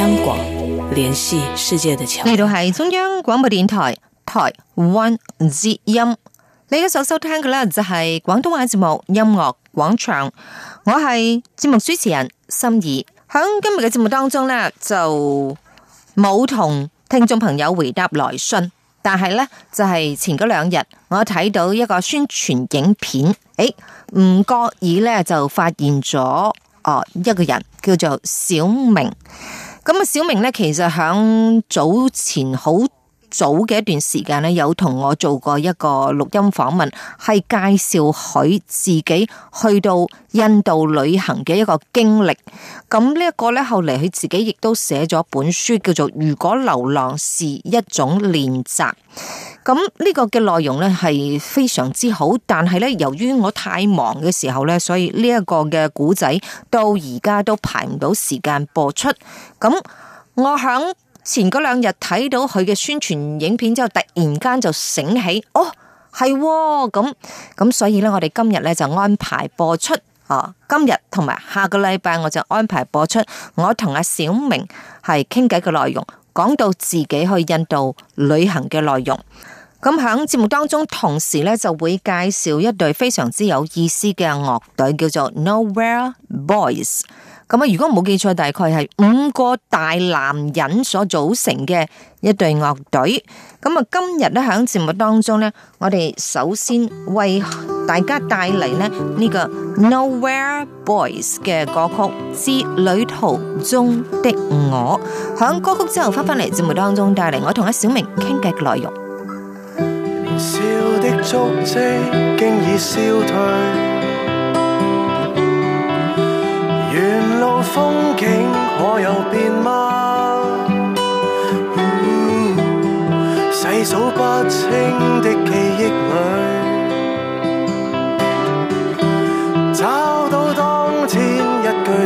香港聯繫世界的橋，呢度係中央廣播電台台灣之音，你一所收聽嘅咧就係廣東話節目《音樂廣場》，我係節目主持人心儀。響今日嘅節目當中呢，就冇同聽眾朋友回答來信，但係呢，就係、是、前嗰兩日我睇到一個宣傳影片，誒、欸，唔覺意呢就發現咗哦一個人叫做小明。咁啊，小明咧，其實響早前好早嘅一段時間咧，有同我做過一個錄音訪問，係介紹佢自己去到印度旅行嘅一個經歷。咁呢一個咧，後嚟佢自己亦都寫咗本書，叫做《如果流浪是一種練習》。咁呢個嘅內容呢係非常之好，但係呢，由於我太忙嘅時候呢，所以呢一個嘅古仔到而家都排唔到時間播出。咁我響前嗰兩日睇到佢嘅宣傳影片之後，突然間就醒起，哦係咁咁，哦、所以呢，我哋今日呢就安排播出啊，今日同埋下個禮拜我就安排播出我同阿小明係傾偈嘅內容。講到自己去印度旅行嘅內容，咁響節目當中同時咧就會介紹一隊非常之有意思嘅樂隊，叫做 Nowhere Boys。咁啊，如果冇記錯，大概係五個大男人所組成嘅一隊樂隊。咁啊，今日咧響節目當中咧，我哋首先為大家帶嚟咧呢個 Nowhere Boys 嘅歌曲《致旅途中的我》，響歌曲之後翻返嚟，節目當中，帶嚟我同阿小明傾偈嘅內容。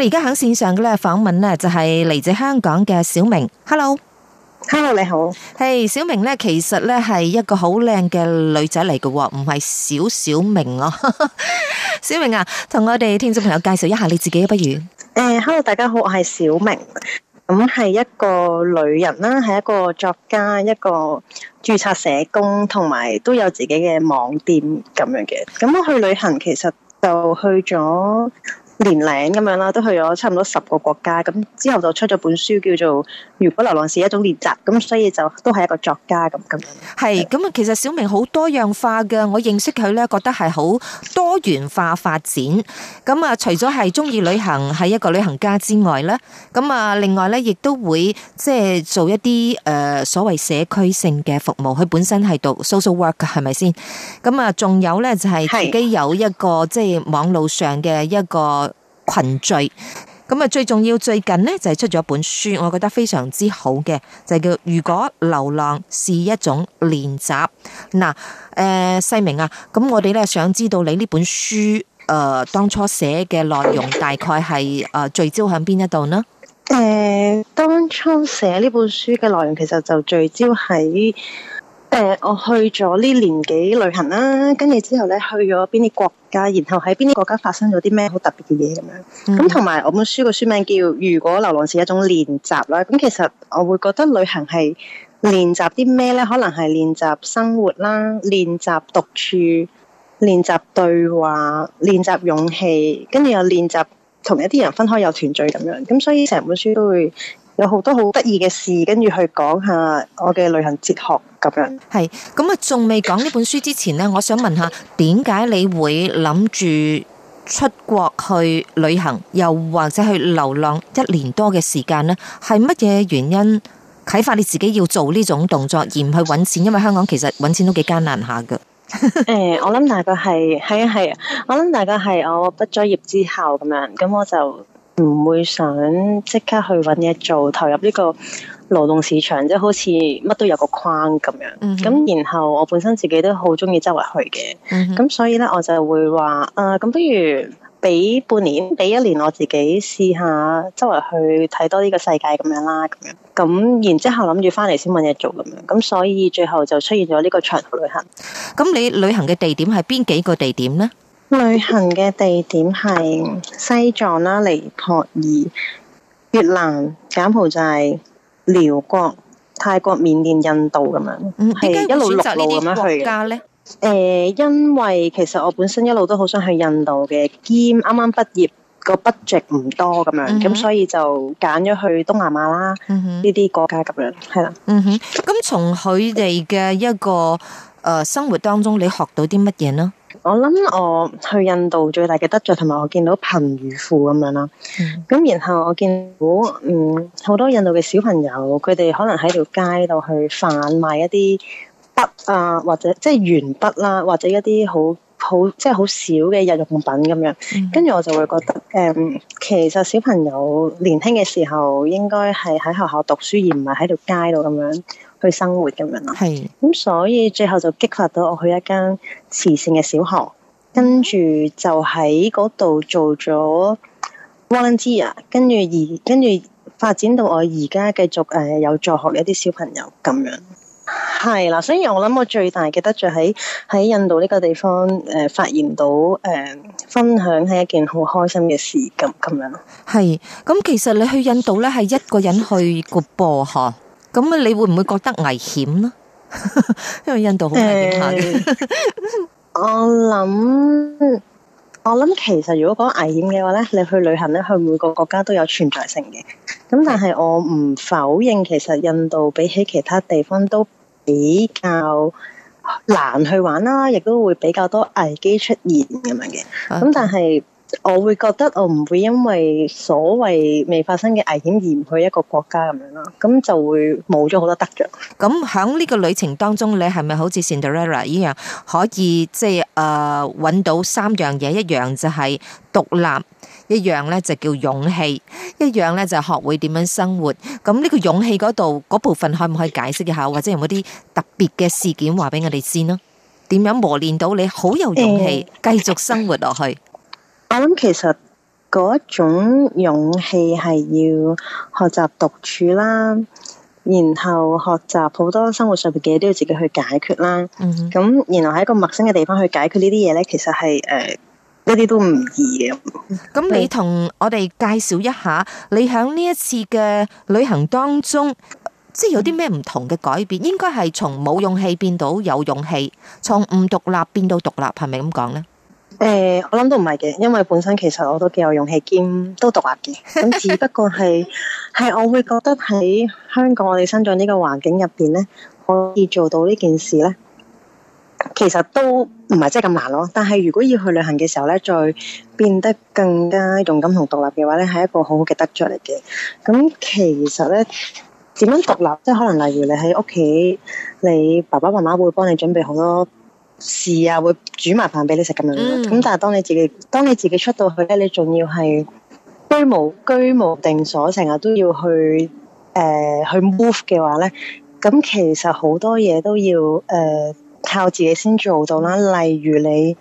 我而家喺線上嘅咧訪問呢就係嚟自香港嘅小明，Hello，Hello hello, 你好，係、hey, 小明呢，其實呢係一個好靚嘅女仔嚟嘅，唔係小小明咯，哦。 小明啊，同我哋聽眾朋友介紹一下你自己不如？誒、uh,，Hello 大家好，我係小明，咁係一個女人啦，係一個作家，一個註冊社工，同埋都有自己嘅網店咁樣嘅。咁我去旅行其實就去咗。年齡咁樣啦，都去咗差唔多十個國家，咁之後就出咗本書叫做《如果流浪是一種練習》，咁所以就都係一個作家咁咁樣。係是，咁啊的，其實小明好多樣化噶，我認識佢咧，覺得係好多多元化發展，咁啊，除咗係中意旅行，係一個旅行家之外呢，咁啊，另外呢，亦都會即係做一啲誒、呃、所謂社區性嘅服務，佢本身係讀 Social Work 係咪先？咁啊，仲有呢就係、是、自己有一個是即係網路上嘅一個群聚。咁啊，最重要最近呢就係出咗一本書，我覺得非常之好嘅，就叫《如果流浪是一種練習》。嗱、呃，誒，細明啊，咁我哋咧想知道你呢本書誒、呃、當初寫嘅內容大概係誒、呃、聚焦響邊一度呢？誒、呃，當初寫呢本書嘅內容，其實就聚焦喺。誒、呃，我去咗呢年幾旅行啦，跟住之後咧去咗邊啲國家，然後喺邊啲國家發生咗啲咩好特別嘅嘢咁樣。咁同埋我本書個書名叫《如果流浪是一種練習》啦。咁、嗯、其實我會覺得旅行係練習啲咩咧？可能係練習生活啦，練習獨處，練習對話，練習勇氣，練習跟住又練習同一啲人分開有團聚咁樣。咁、嗯、所以成本書都會。有好多好得意嘅事，跟住去講下我嘅旅行哲學咁樣。係咁啊，仲未講呢本書之前咧，我想問下，點解你會諗住出國去旅行，又或者去流浪一年多嘅時間咧？係乜嘢原因啟發你自己要做呢種動作，而唔去揾錢？因為香港其實揾錢都幾艱難下嘅。誒、 欸，我諗大概係係啊係啊，我諗大概係我畢咗業之後咁樣，咁我就。唔會想即刻去揾嘢做，投入呢個勞動市場，即係好似乜都有個框咁樣。咁、mm hmm. 然後我本身自己都好中意周圍去嘅，咁、mm hmm. 所以呢，我就會話，誒、啊，咁不如俾半年，俾一年，我自己試下周圍去睇多呢個世界咁樣啦，咁樣。咁然之後諗住翻嚟先揾嘢做咁樣，咁所以最後就出現咗呢個長途旅行。咁你旅行嘅地點係邊幾個地點呢？旅行嘅地點係西藏啦、尼泊爾、越南、柬埔寨、寮國、泰國、緬甸、印度咁樣，係、嗯、一路六路咁樣去嘅。誒、呃，因為其實我本身一路都好想去印度嘅，兼啱啱畢業個 budget 唔多咁樣，咁、嗯、哼所以就揀咗去東南亞啦，呢啲國家咁樣係啦。嗯哼，咁從佢哋嘅一個誒生活當中，你學到啲乜嘢呢？我諗我去印度最大嘅得著，同埋我見到貧與富咁樣啦。咁、嗯、然後我見到嗯好多印度嘅小朋友，佢哋可能喺條街度去販賣一啲筆啊，或者即係鉛筆啦，或者一啲好好即係好少嘅日用品咁樣。跟住、嗯、我就會覺得誒、嗯，其實小朋友年輕嘅時候應該係喺學校讀書，而唔係喺條街度咁樣。去生活咁樣咯，係咁是、嗯、所以最後就激發到我去一間慈善嘅小學，跟住就喺嗰度做咗 volunteer 跟住而跟住發展到我而家繼續誒、呃、有助學嘅一啲小朋友咁樣。係啦、啊，所以我諗我最大嘅得着喺喺印度呢個地方誒、呃，發現到誒、呃、分享係一件好開心嘅事咁咁樣。係，咁其實你去印度咧係一個人去古博嗬。咁啊，你會唔會覺得危險咧？ 因為印度好危險、欸、 我諗，我諗其實如果講危險嘅話呢，你去旅行咧去每個國家都有存在性嘅。咁但係我唔否認，其實印度比起其他地方都比較難去玩啦，亦都會比較多危機出現咁樣嘅。咁但係，啊我會覺得我唔會因為所謂未發生嘅危險而唔去一個國家咁樣囉，咁就會冇咗好多得着。咁喺呢個旅程當中，你係咪好似 Cinderella 一樣可以即係誒搵到三樣嘢？一樣就係獨立，一樣咧就叫勇氣，一樣咧就學會點樣生活。咁呢個勇氣嗰度嗰部分，可唔可以解釋一下？或者有冇啲特別嘅事件話俾我哋知呢？點樣磨練到你好有勇氣繼續生活落去？我諗其實嗰種勇氣係要學習獨處啦，然後學習好多生活上邊嘅嘢都要自己去解決啦。咁、嗯、哼然後喺一個陌生嘅地方去解決呢啲嘢咧，其實係誒、呃、一啲都唔易嘅。咁你同我哋介紹一下，你響呢一次嘅旅行當中，即係有啲咩唔同嘅改變？應該係從冇勇氣變到有勇氣，從唔獨立變到獨立，係咪咁講咧？誒、呃，我諗都唔係嘅，因為本身其實我都幾有勇氣兼都獨立嘅，咁只不過係係 我會覺得喺香港我哋生長呢個環境入邊咧，可以做到呢件事咧，其實都唔係即係咁難咯。但係如果要去旅行嘅時候咧，再變得更加勇敢同獨立嘅話咧，係一個好好嘅得着嚟嘅。咁其實咧，點樣獨立，即係可能例如你喺屋企，你爸爸媽媽會幫你準備好多。事啊，會煮埋飯俾你食咁樣咯。咁、嗯、但係當你自己當你自己出到去咧，你仲要係居無居無定所，成日都要去誒、呃、去 move 嘅話咧，咁其實好多嘢都要誒、呃、靠自己先做到啦。例如你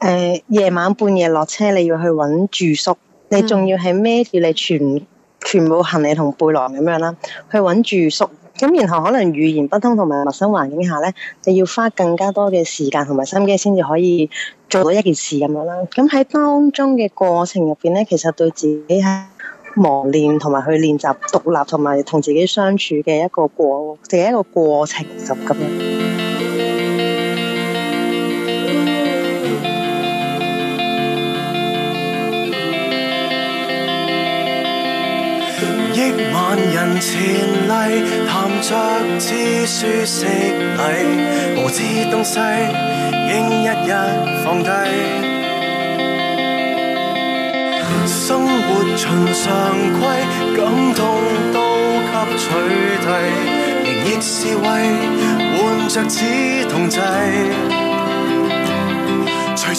誒夜、呃、晚半夜落車，你要去揾住宿，嗯、你仲要係孭住你全全部行李同背囊咁樣啦，去揾住宿。咁然後可能語言不通同埋陌生環境下呢，你要花更加多嘅時間同埋心機先至可以做到一件事咁樣啦。咁喺當中嘅過程入邊呢，其實對自己喺磨練同埋去練習獨立同埋同自己相處嘅一個過，嘅一個過程就咁樣。人前例談着知書識禮，無知東西應一一放低。 生活循常規，感動都給取締，仍亦是為換着紙同濟。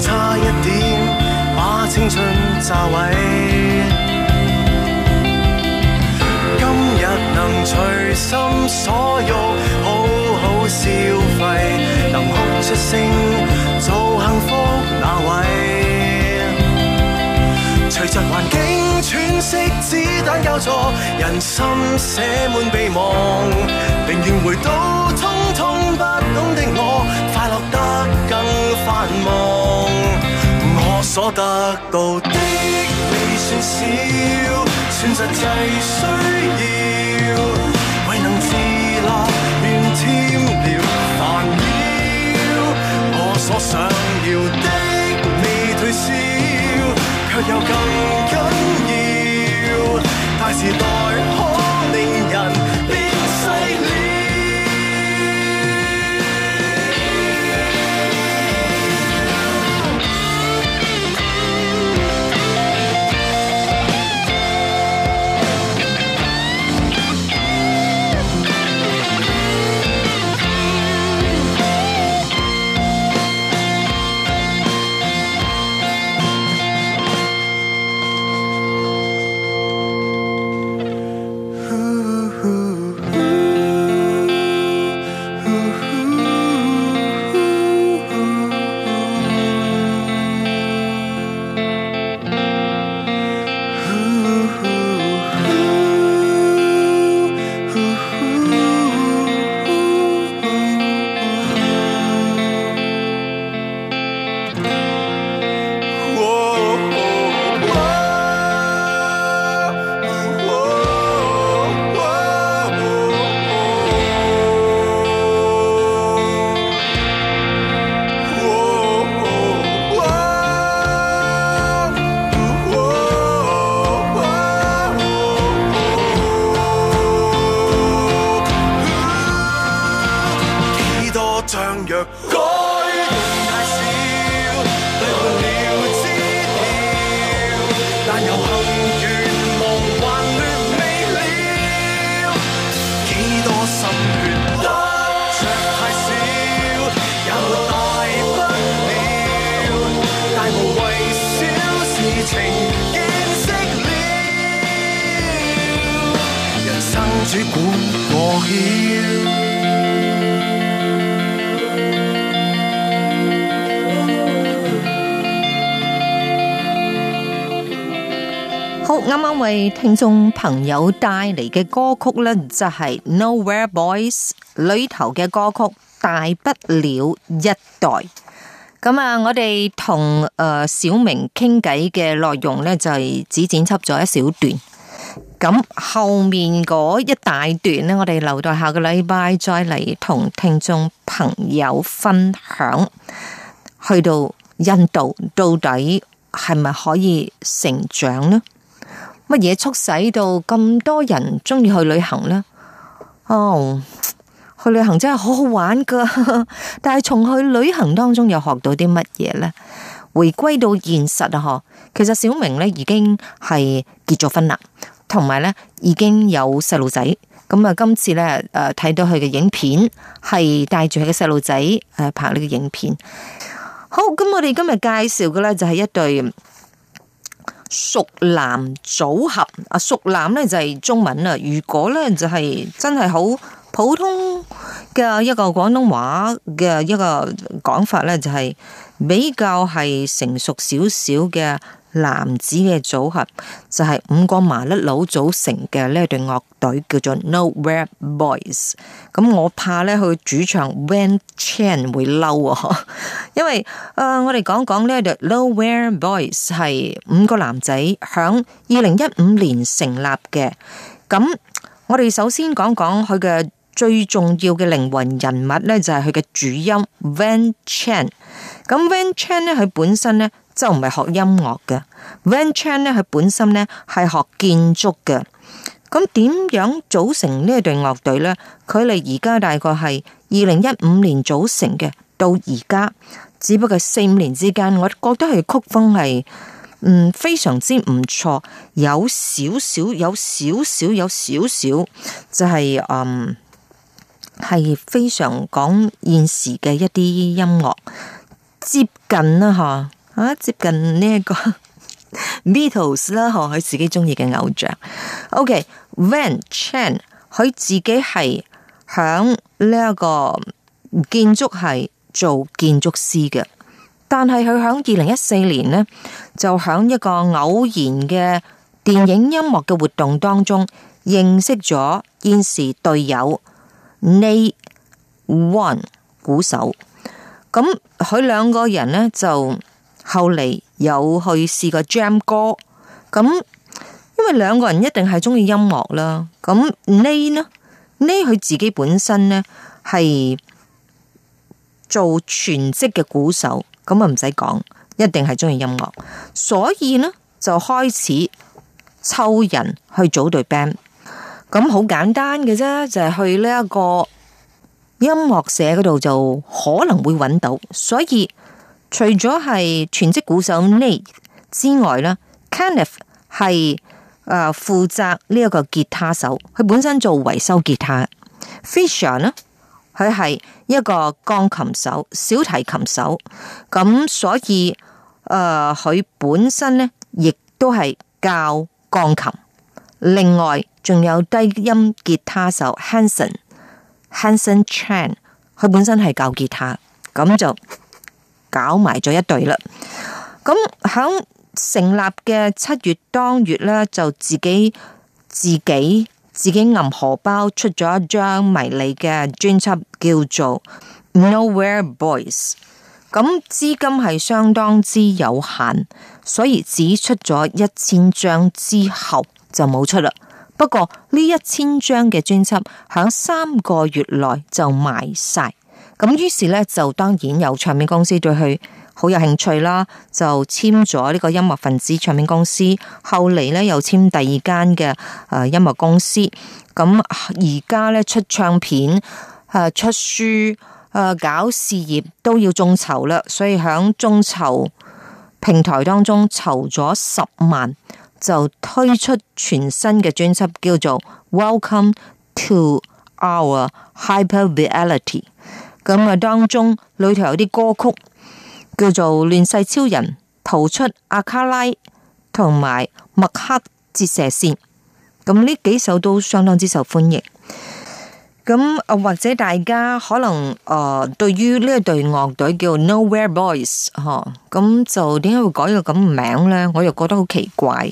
差一點把青春炸毀，今日能隨心所欲好好消費，能哭出聲做幸福那位。隨着環境喘息，子彈交錯，人心寫滿備忘，寧願回到懵懵不懂的我，快樂得繁忙，我所得到的未算少，全實際需要，未能自立便添了煩擾。我所想要的未退燒，卻又更緊要，大時代。啱啱為聽眾朋友帶嚟嘅歌曲呢，就係 Nowhere Boys 裏頭嘅歌曲《大不了一代》。咁啊，我哋同誒小明傾偈嘅內容呢，就係只剪輯咗一小段。咁後面嗰一大段呢，我哋留待下個禮拜再嚟同聽眾朋友分享。去到印度到底係咪可以成長呢？乜嘢促使到咁多人中意去旅行呢？哦，去旅行真係好好玩噶但係從去旅行當中又學到啲乜嘢呢？回歸到現實啊！嗬，其實小明呢已經係結咗婚啦，同埋呢已經有細路仔。咁啊，今次呢誒睇到佢嘅影片係帶住佢嘅細路仔誒拍呢個影片。好，咁我哋今日介紹嘅呢就係一對。熟男組合啊，熟男咧就係中文啦。如果咧就係真係好普通嘅一個廣東話嘅一個講法咧，就係比較係成熟少少嘅。男子嘅組合就係五個麻甩佬組成嘅呢隊樂隊，叫做 Nowhere Boys。咁我怕咧佢主唱 Van Chan 會嬲啊！因為誒，我哋講講呢隊 Nowhere Boys 係五個男仔響二零一五年成立嘅。咁我哋首先講講佢嘅最重要嘅靈魂人物咧，就係佢嘅主音 Van Chan。咁 Van Chan 咧，佢本身咧，就唔係學音樂嘅，Van Chan 咧，佢本身咧係學建築嘅。咁點樣組成隊隊呢一隊樂隊咧？佢哋而家大概係二零一五年組成嘅，到而家只不過四五年之間，我覺得係曲風係嗯非常之唔錯，有少少，有少少，有少少，就係、是、嗯係非常講現時嘅一啲音樂接近啦，啊，吓。啊，接近呢一個 Beatles 啦，嗬，佢自己中意嘅偶像。O.K. Van Chan，佢自己係響呢一個建築系做建築師嘅，但係佢響二零一四年咧，就響一個偶然嘅電影音樂嘅活動當中認識咗現時隊友 Nate Wan 鼓手，咁佢兩個人咧就。後嚟有去試過 Jam 歌，咁因為兩個人一定係中意音樂啦。咁 Nate 呢？Nate 佢自己本身呢係做全職嘅鼓手，咁啊唔使講，一定係中意音樂。所以呢就開始抽人去組隊 band，咁好簡單嘅啫，就係、是、去呢一個音樂社嗰度就可能會搵到，所以。除咗係全職鼓手 Nate 之外呢 Kenneth 係誒負責呢一個吉他手，佢本身做維修吉他。Fisher 呢，佢係一個鋼琴手、小提琴手，咁所以誒佢、呃、本身呢亦都係教鋼琴。另外仲有低音吉他手 Hanson，Hanson Chan，佢本身係教吉他，咁就。搞埋咗一隊啦，咁喺成立嘅七月當月啦，就自己自己自己銀荷包出咗一張迷你嘅專輯，叫做 Nowhere Boys。咁資金係相當之有限，所以只出咗一千張之後就冇出啦。不過呢一千張嘅專輯喺三個月內就賣晒。咁於是咧，就當然有唱片公司對佢好有興趣啦，就簽咗呢個音樂分子唱片公司。後嚟咧，又簽第二間嘅誒音樂公司。咁而家咧出唱片、誒出書、誒搞事業都要眾籌啦，所以喺眾籌平台當中籌咗十萬，就推出全新嘅專輯，叫做《Welcome to Our Hyper Reality》。咁啊，當中裏頭有啲歌曲叫做《亂世超人》、逃出阿卡拉同埋《麥克折射線》，咁呢幾首都相當之受歡迎。咁啊，或者大家可能啊、呃，對於呢一隊樂隊叫 Nowhere Boys，嗬，咁就點解會改個咁名呢？我又覺得好奇怪。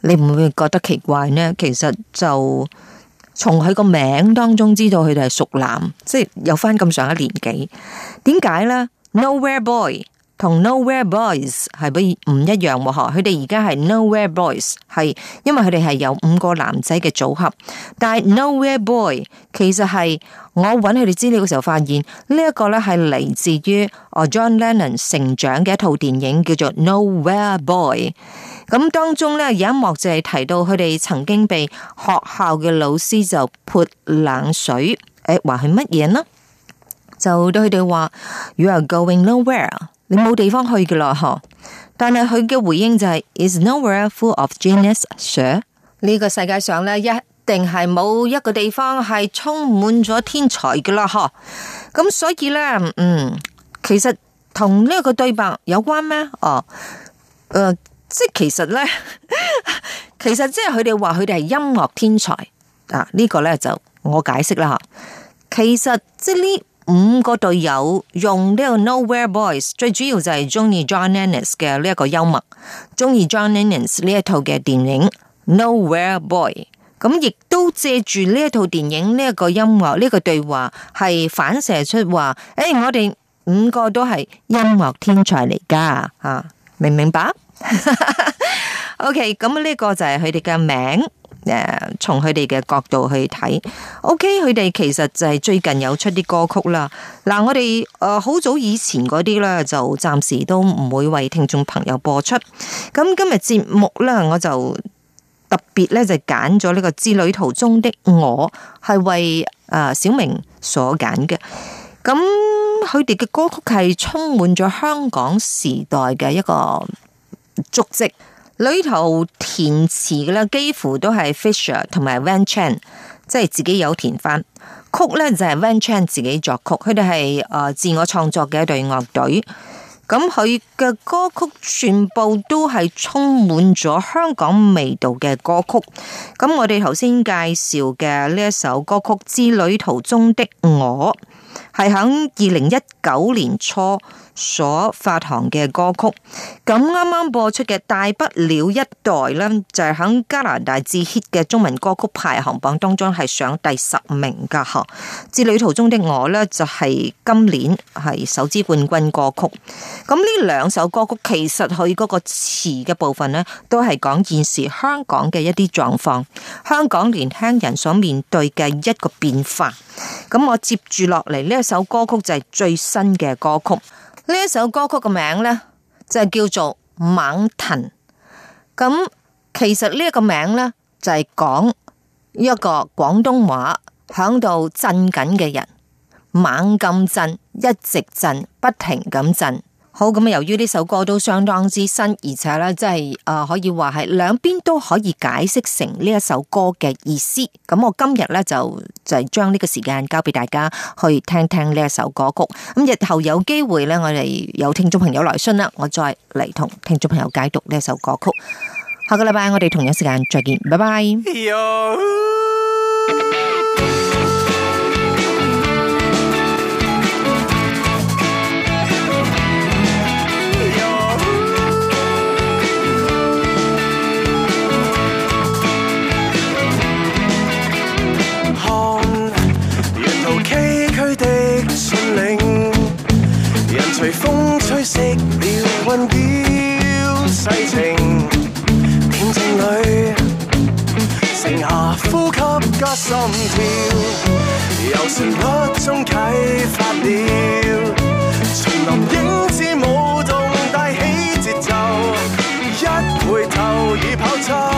你唔會覺得奇怪呢？其實就。從佢個名當中知道佢哋係熟男，即係有翻咁上一年紀。點解呢？Nowhere Boy 同 Nowhere Boys 係咪唔一樣喎？佢哋而家係 Nowhere Boys 係，因為佢哋係有五個男仔嘅組合。但係 Nowhere Boy 其實係我揾佢哋資料嘅時候發現，呢一個呢係嚟自於 John Lennon 成長嘅一套電影，叫做 Nowhere Boy。咁當中咧有一幕就係提到佢哋曾經被學校嘅老師就潑冷水，誒話係乜嘢呢？就對佢哋話 You are going nowhere，你冇地方去嘅啦，嗬。但係佢嘅回應就係、是、Is nowhere full of genius, sir？呢個世界上咧一定係冇一個地方係充滿咗天才嘅啦，嗬。咁所以咧，嗯，其實同呢個對白有關咩？哦，誒、呃。即其實呢，其實即係佢哋話佢哋係音樂天才啊！呢、這個呢，就我解釋啦，吓。其實即係呢五個隊友用呢個 Nowhere Boys，最主要就係中意 John Lennon 嘅呢一個幽默，中意 John Lennon 呢一套嘅電影 Nowhere Boy。咁亦都借住呢一套電影呢一個音樂呢個對話，係反射出話：誒、哎，我哋五個都係音樂天才嚟噶，吓，明唔明白？O K，咁呢個就係佢哋嘅名誒，從佢哋嘅角度去睇。O K，佢哋其實就係最近有出啲歌曲啦。嗱，我哋誒好早以前嗰啲咧，就暫時都唔會為聽眾朋友播出。咁今日節目咧，我就特別咧就揀咗呢個致旅途中的我係為誒、呃、小明所揀嘅。咁佢哋嘅歌曲係充滿咗香港時代嘅一個足跡，裏頭填詞嘅啦，幾乎都係 Fisher 同埋 Van Chan，即係自己有填翻曲咧，就係、是、Van Chan 自己作曲，佢哋係誒自我創作嘅一隊樂隊，咁佢嘅歌曲全部都係充滿咗香港味道嘅歌曲，咁我哋頭先介紹嘅呢一首歌曲《致旅途中的我》。係喺二零一九年初所發行嘅歌曲，咁啱啱播出嘅《大不了一代》呢，就喺、是、加拿大最 hit 嘅中文歌曲排行榜當中係上第十名噶，嗬。《致旅途中的我》呢，就係、是、今年係首支冠軍歌曲。咁呢兩首歌曲其實佢嗰個詞嘅部分呢，都係講現時香港嘅一啲狀況，香港年輕人所面對嘅一個變化。咁我接住落嚟呢首歌曲就係最新嘅歌曲，呢一首歌曲嘅名呢，就係叫做《掹藤》。咁、嗯、其實呢一個名呢，就係、是、講一個廣東話響度震緊嘅人，猛咁震，一直震，不停咁震。好，咁由於呢首歌都相當之新，而且咧，即係誒，可以話係兩邊都可以解釋成呢一首歌嘅意思。咁我今日咧，就就將呢個時間交俾大家去聽聽呢一首歌曲。咁日後有機會咧，我哋有聽眾朋友來信啦，我再嚟同聽眾朋友解讀呢一首歌曲。下個禮拜我哋同樣時間再見，拜拜。 隨風吹熄了温熱世情，靜靜裡剩下呼吸加心跳，由旋律中啟發了叢林影子舞動帶起節奏，一回頭已跑錯。